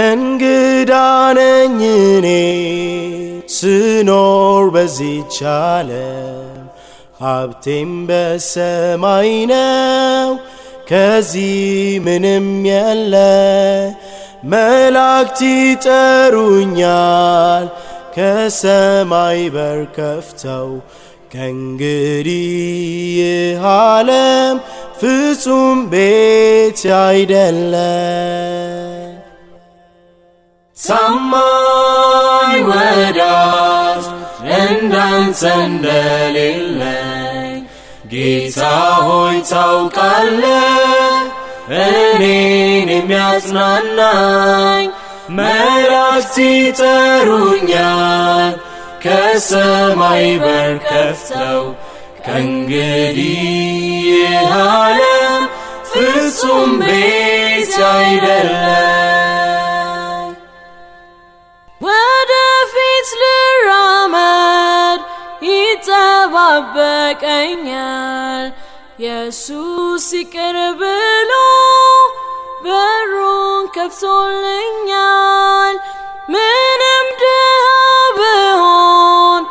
እንግዳ ነኝ እኔ ስኖር በዚች ዓለም ሀብቴም በሰማይ ነው ከዚህ ምንም የለ መላእክት ይጠሩኛል ከሰማይ በር ከፍተው ከእንግዲህ ዓለም ፍጹም ቤት አይደለም ሰማይ ወዳጅ እንዳንተ እንደሌለኝ ጌታ ሆይ ታውቃለ እኔን የሚያጽናናኝ መላእክት ይጠሩኛል ከሰማይ በር ከፍተው ከእንግዲህ ይህ ዓለም ፍጹም ቤ ይጣበቀኛል ኢየሱስ ይቅር ብሎ በሩን ከፍቶልኛል። ምንም ድሃ ብሆን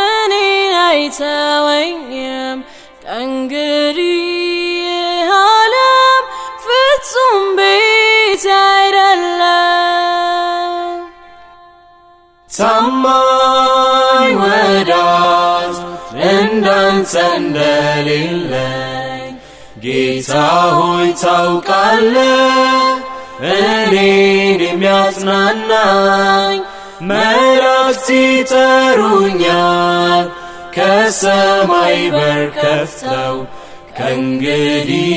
እኔን አይተወኝ እንደሌለኝ ጌታ ሆይ ታውቃለ። እኔን የሚያጽናናኝ መላእክት ይጠሩኛል ከሰማይ በር ከፍተው ከእንግዲህ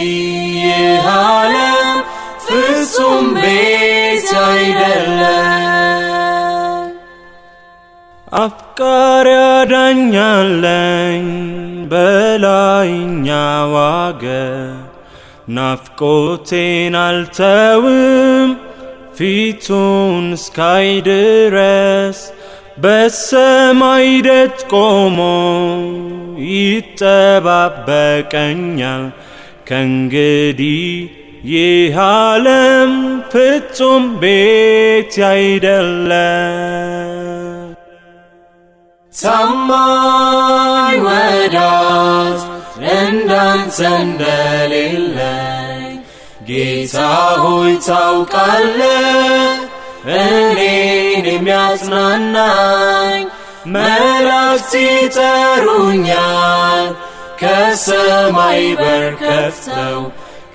ይህ ዓለም ፍጹም ቤት አይደለም። ፍቃር ያዳኛለኝ በላይኛው አገር ናፍቆቴን አልተውም ፊቱን እስካይ ድረስ በሰማይ ደጅ ቆሞ ይጠባበቀኛል ከእንግዲህ ይህ ዓለም ፍጹም ቤት አይደለም። ሰማይ ወዳት እንዳንተ እንደሌለኝ ጌታ ሆይ ታውቃለ እኔን የሚያጽናናኝ መላእክት ይጠሩኛል ከሰማይ በር ከፍተው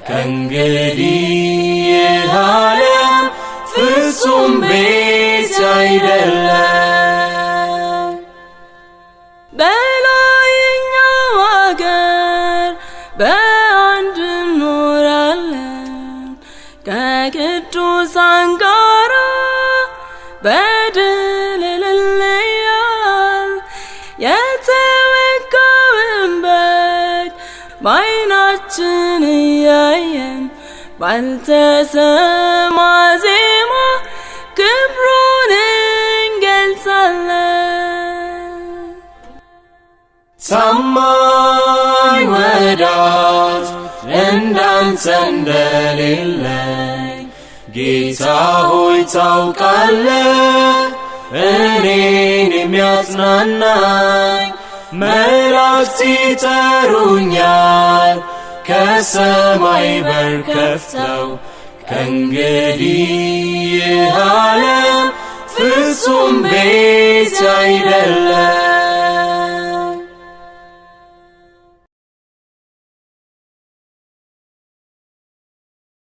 ከእንግዲህ የሃለ ፍጹም ቤት በአንድ እንኖራለን ከቅዱሳን ጋራ በድል እልልያል የተወካውን በግ በዓይናችን እያየን ባልተሰማ ዜማ ክብሩን እንገልጻለን። ያንተ እንደሌለኝ ጌታ ሆይ ታውቃለ እኔን የሚያጽናናኝ መላእክት ይጠሩኛል ከሰማይ በር ከፍተው ከእንግዲህ ይህ ዓለም ፍጹም ቤት አይደለም